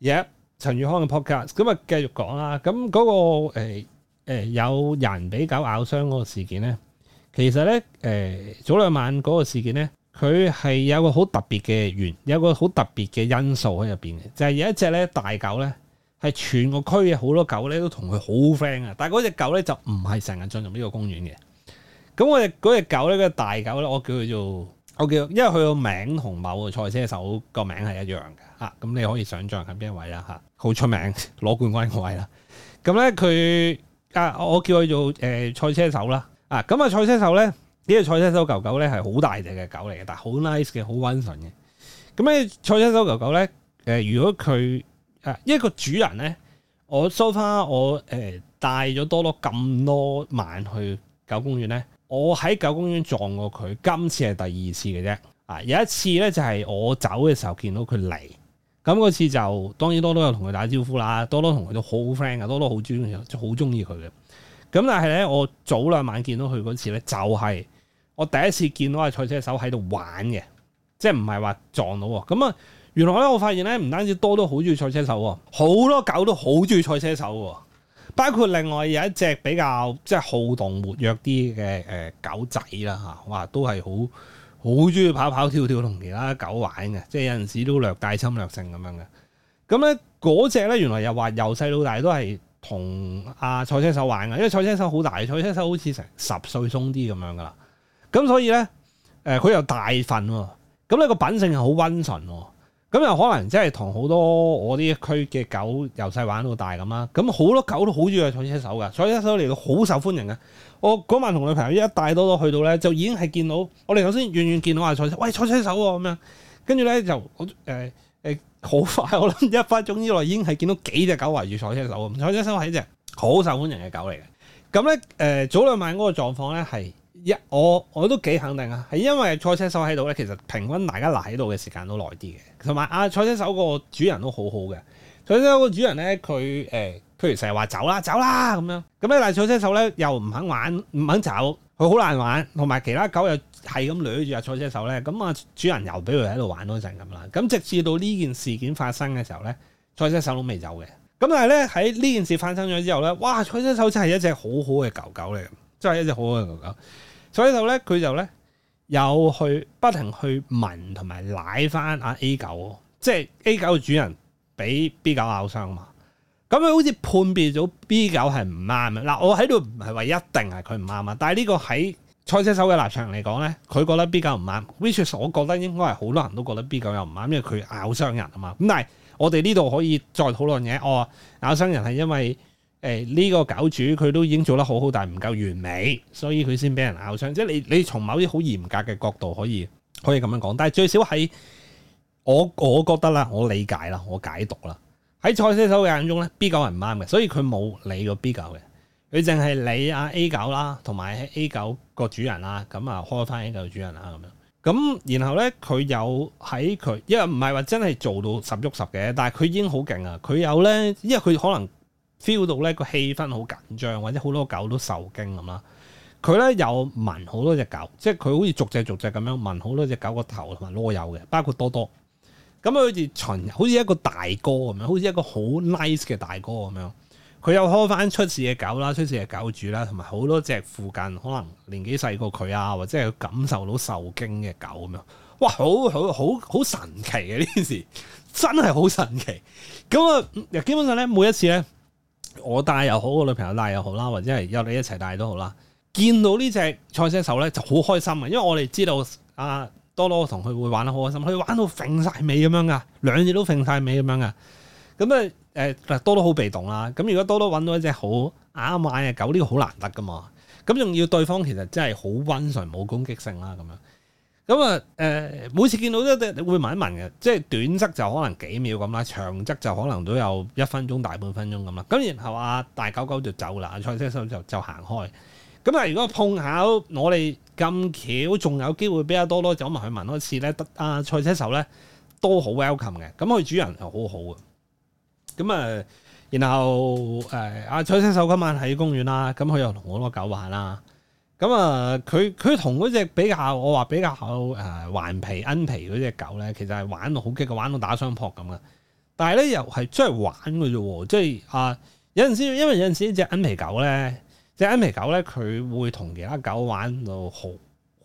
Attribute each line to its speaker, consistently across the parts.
Speaker 1: 耶，yeah, 陳宇康嘅 podcast 咁啊，繼續講啦。咁嗰、那個誒、呃呃、有人俾狗咬傷嗰、呃、個事件咧，其實咧誒早兩晚嗰個事件咧，佢係有個好特別嘅源，有個好特別嘅因素喺入邊嘅，就係、是、有一隻咧大狗咧，係全個區嘅好多狗咧都同佢好 friend 嘅，但係嗰隻狗咧就唔係成日進入呢個公園嘅。咁我隻隻狗咧，嗰、那個、大狗咧，我叫佢做。我、okay, 因為佢個名同某個賽車手個名係一樣嘅，嚇、啊、咁你可以想象係邊一位啦嚇，好、啊、出名攞冠軍位啦。咁咧佢啊，我叫佢做誒賽、呃、車手啦。啊，咁啊賽車手咧，呢個賽車手狗狗咧係好大隻嘅狗嚟嘅，但係好 nice 嘅，好溫順嘅。咁咧賽車手狗狗咧，誒、呃、如果佢啊一個主人咧，我收翻我誒、呃、帶咗多咯咁多晚去。狗公園呢，我喺狗公園撞過佢，今次係第二次嘅啫。啊，有一次呢，就係、是、我走嘅時候見到佢嚟，咁、嗯、嗰次就當然多多有同佢打招呼啦，多多同佢都好 friend 噶，多多好中意佢，好中意佢嘅。咁、嗯、但係呢，我早兩晚見到佢嗰次呢，就係、是、我第一次見到阿賽車手喺度玩嘅，即係唔係話撞到喎。咁、嗯、啊，原來咧我發現呢，唔單止多多好中意賽車手喎，好多狗都好中意賽車手喎。包括另外有一隻比較即係好動活躍啲嘅誒狗仔啦嚇、啊，哇都係好好中意跑跑跳跳同其他狗玩嘅，即係有陣時都略帶侵略性咁樣嘅。咁咧嗰隻咧原來又話由細到大都係同阿賽車手玩嘅，因為賽車,車手好大，賽車手好似成十歲鬆啲咁樣噶啦。咁、嗯、所以咧誒佢又大份喎，咁、嗯、呢、嗯、個品性係好温順喎。咁又可能真係同好多我啲區嘅狗由細玩到大咁啦，咁好多狗都好中意賽車手噶，賽車手嚟到好受歡迎嘅。我嗰晚同女朋友一帶多多去到咧，就已經係見到我哋頭先遠遠見到阿賽車，喂賽車手喎、啊、咁樣，跟住咧就誒誒好快，我諗一分鐘之內已經係見到幾隻狗圍住賽車手啊！賽車手係一隻好受歡迎嘅狗嚟嘅。咁咧誒早兩晚嗰個狀況咧係。一、yeah，我我都幾肯定啊，係因為賽車手喺度咧，其實平均大家賴喺度嘅時間都耐啲嘅。同埋啊，賽車手個主人都好好嘅。賽車手個主人咧，佢誒，譬如成日話走啦走啦咁樣，咁咧但係賽車手咧又唔肯玩，唔肯走，佢好難玩。同埋其他狗又係咁掠住啊，賽車手咧，咁、嗯、啊主人又俾佢喺度玩多陣咁啦。咁直至到呢件事件發生嘅時候咧，賽車手都未走嘅。咁但係咧喺呢件事發生咗之後咧，哇！賽車手真係一隻好好嘅狗狗嚟嘅，真係一隻好好嘅狗狗。就是所以就咧，佢就咧，又去不停去聞同埋舐返阿 A 九，即係 A 九嘅主人俾 B 九咬傷嘛。咁佢好似判別咗 B 九係唔啱。嗱，我喺度唔係話一定係佢唔啱啊。但係呢個喺賽車手嘅立場嚟講咧，佢覺得 B 九唔啱。Which is，我覺得應該係好多人都覺得 B 九又唔啱，因為佢咬傷人啊嘛。咁但係我哋呢度可以再討論嘢。我、哦、咬傷人係因為。誒呢、哎，這個狗主佢都已經做得好好，但係唔夠完美，所以佢先俾人咬傷。即係你你從某啲好嚴格嘅角度可以可以咁樣講，但係最少喺我我覺得啦，我理解啦，我解讀啦。喺賽車手嘅眼中咧，B 九係唔啱嘅，所以佢冇理個 B 九嘅，佢淨係理阿 A 九啦，同埋 A 九個主人啦，咁、嗯、啊開翻 A 九主人啊咁樣。咁然後咧佢有喺佢，因為唔係話真係做到十足十嘅，但係佢已經好勁啊！佢有咧，因為佢可能。feel 到咧個氣氛好緊張，或者好多狗都受驚咁啦。佢咧又聞好多隻狗，即係佢好似逐隻逐隻咁樣聞好多隻狗個頭同埋囉柚嘅，包括多多。咁、嗯、佢好似巡，好似一個大哥咁樣，好似一個好 nice 嘅大哥咁樣。佢又開翻出事嘅狗啦，出事嘅狗主啦，同埋好多隻附近可能年紀細過佢啊，或者係感受到受驚嘅狗咁樣、嗯。哇，好好好好神奇嘅呢件事， 真係好神奇。咁、嗯、啊，基本上咧，每一次咧。我帶又好，我女朋友帶又好啦，或者係有你一齊帶都好啦。見到呢隻賽車手咧，就好開心啊！因為我哋知道阿多多同佢會玩得好開心，佢玩到揈晒尾咁樣噶，兩隻都揈晒尾咁樣噶。咁啊誒，多多好被動啦。咁如果多多揾到一隻好啱買嘅狗，呢個好難得噶嘛。咁仲要對方其實真係好温順，冇攻擊性啦咁樣。咁啊，誒每次見到都都會聞一聞嘅，即係短則就可能幾秒咁啦，長則就可能都有一分鐘，大半分鐘咁啦。咁然後啊，大狗狗就走啦，賽車手就就行開。咁啊，如果碰巧我哋咁巧，仲有機會比較多多走埋去聞一次咧，得，啊賽車手咧都好 welcome 嘅，咁佢主人係好好嘅。咁啊，然後誒啊賽車手今晚喺公園啦，咁佢又同好多狗玩啦。咁啊，佢佢同嗰隻比較，我話比較誒頑、呃、皮恩皮嗰隻狗咧，其實係玩到好激嘅，玩到打雙撲咁嘅。但係咧又係真係玩嘅啫喎，即係啊有陣時，因為有陣時呢隻恩皮狗咧，隻恩皮狗咧佢會同其他狗玩到好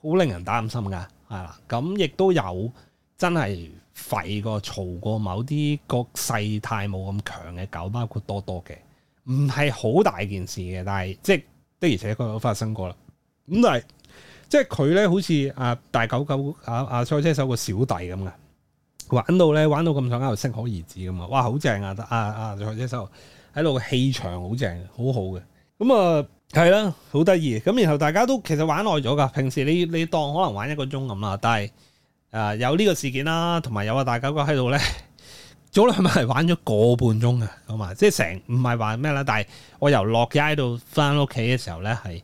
Speaker 1: 好令人擔心嘅，係啦。咁、嗯、亦都有真係吠過、嘈過某啲個勢態冇咁強嘅狗，包括多多嘅，唔係好大件事嘅，但係即的而且確都發生過啦。咁但係，即係佢咧，好似啊大狗狗啊啊賽車手個小弟咁嘅，玩到咧玩到咁上下，就適可而止咁啊！哇，好正啊！啊啊賽車手喺度氣場好正，好好嘅。咁、嗯、啊係啦，好得意。咁然後大家都其實玩耐咗噶，平時你你當可能玩一個鐘咁啦。但係啊、呃、有呢個事件啦，同埋有，有啊大狗狗喺度咧，早兩晚係玩咗個半鐘嘅，咁啊，即係成唔係話咩啦？但係我由落街到翻屋企嘅時候咧，係。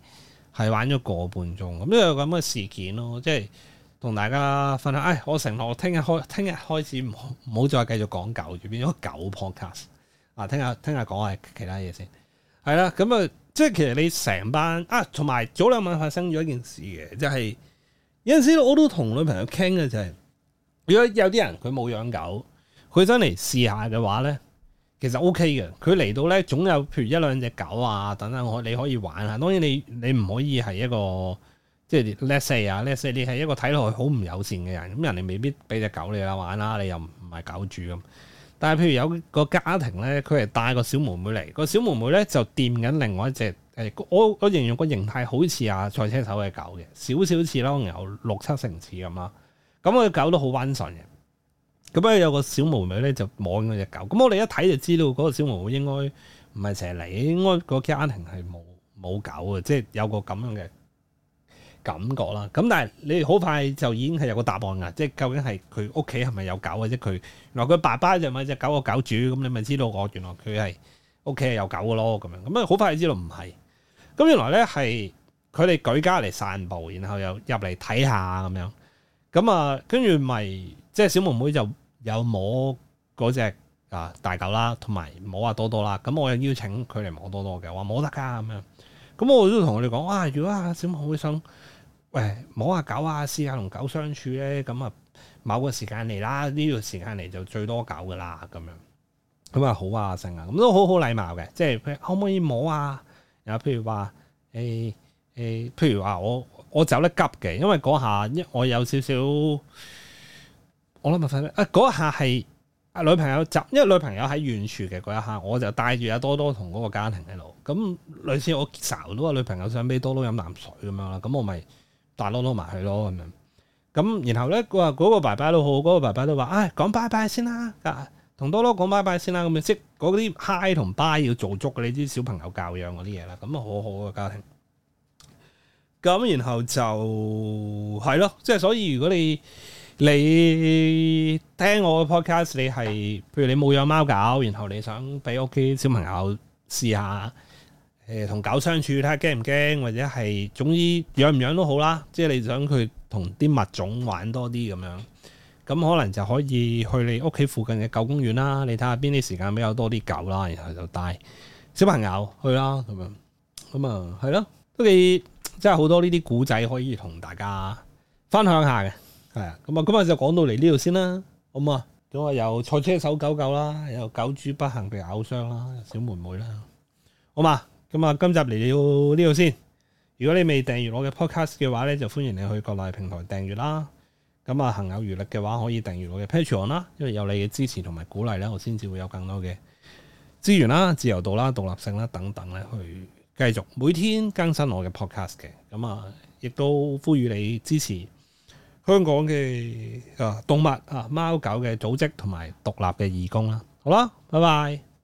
Speaker 1: 係玩咗個半鐘咁，因為咁嘅事件咯，即係同大家分享。唉、哎，我承諾我聽日開，聽日開始唔好再繼續講狗，要變咗狗 podcast 啊！聽下聽日講下其他嘢先，係啦。咁、嗯、啊，即係其實你成班啊，同埋早兩晚發生咗一件事嘅，就係、是、有陣時我都同女朋友傾嘅、就是，就係如果有啲人佢冇養狗，佢想嚟試下嘅話咧。其實 OK 嘅，佢嚟到咧總有譬如一兩隻狗啊，等等我你可以玩下。當然你你唔可以係一個即係、就是、let's say 啊 let's say，你係一個睇落去好唔友善嘅人，咁人哋未必俾隻狗你啦玩啦，你又唔唔係狗主咁。但係譬如有個家庭咧，佢係帶個小妹妹嚟，個小妹妹咧就掂緊另外一隻誒，我我形容個形態好似啊賽車手嘅狗嘅，少少似啦，有六七成似咁啦。咁、個狗都好温順嘅。咁咧、嗯、有個小毛女咧就摸緊隻狗，咁、嗯、我哋一睇就知道嗰個小毛女應該唔係成日嚟，應該個家庭係冇冇狗嘅，即係有個咁樣嘅感覺啦。咁、嗯、但係你好快就已經係有個答案啊！即係究竟係佢屋企係咪有狗嘅啫？佢原來佢爸爸就咪隻狗個狗主，咁你咪知道我原來佢係屋企係有狗嘅咯。咁樣咁啊，好、嗯、快就知道唔係。咁、嗯、原來咧係佢哋舉家嚟散步，然後又入嚟睇下咁樣。咁啊，跟住咪。即係小妹妹就有摸嗰隻啊大狗啦，同埋摸下多多啦。咁我又邀請佢嚟摸多多嘅，話摸得噶、啊、咁樣。咁我都同佢哋講，哇、啊！如果啊小妹妹想誒摸下、啊、狗啊，試下同狗相處咧，咁啊某個時間嚟啦，呢、這、段、個、時間嚟就最多狗噶啦咁樣。咁啊好啊，成啊，咁都好好禮貌嘅。即係佢可唔可以摸啊？然後譬如話誒誒，譬、欸欸、如話我我走得急嘅，因為嗰下我有少少。我諗啊嗰一下係啊女朋友集，因為女朋友喺遠處嘅嗰一刻，我就帶住阿多多同嗰個家庭喺度。咁類似我走都，啊女朋友想俾多多飲啖水咁樣啦。咁我咪帶多多埋去咯咁樣。咁然後咧，佢話嗰個爸爸都好，嗰個爸爸都話：唉，講拜拜先啦，同多多講拜拜先啦。咁樣即嗰啲嗨同拜要做足嘅，你知啲小朋友教養嗰啲嘢啦。咁啊，好好嘅家庭。咁然後就係咯，即係所以如果你。你聽我嘅 podcast，你係譬如你冇養貓狗，然後你想俾屋企小朋友試下誒同狗相處，睇下驚唔驚，或者係總之養唔養都好啦。即係你想佢同啲物種玩多啲咁樣，咁可能就可以去你屋企附近嘅狗公園啦。你睇下邊啲時間比較多啲狗啦，然後就帶小朋友去啦咁樣。咁啊，係、嗯、咯，都幾即係好多呢啲古仔可以同大家分享下嘅。係啊，咁啊、嗯，今日就講到嚟呢度先啦，好啊？咁啊，有賽車手狗狗啦，有狗主不幸被咬傷啦，有小妹妹啦，好嘛？咁啊，今集嚟到呢度先。如果你未訂閱我嘅 podcast 嘅話咧，就歡迎你去各大平台訂閱啦。咁、嗯、啊，行有餘力嘅話，可以訂閱我嘅 Patreon 啦，因為有你嘅支持同埋鼓勵咧，我先至會有更多嘅資源啦、自由度啦、獨立性啦等等咧，去繼續每天更新我嘅 podcast 嘅。咁、嗯、啊，亦都呼籲你支持。香港嘅啊動物啊貓狗嘅組織同埋獨立嘅義工啦、啊，好啦，拜拜。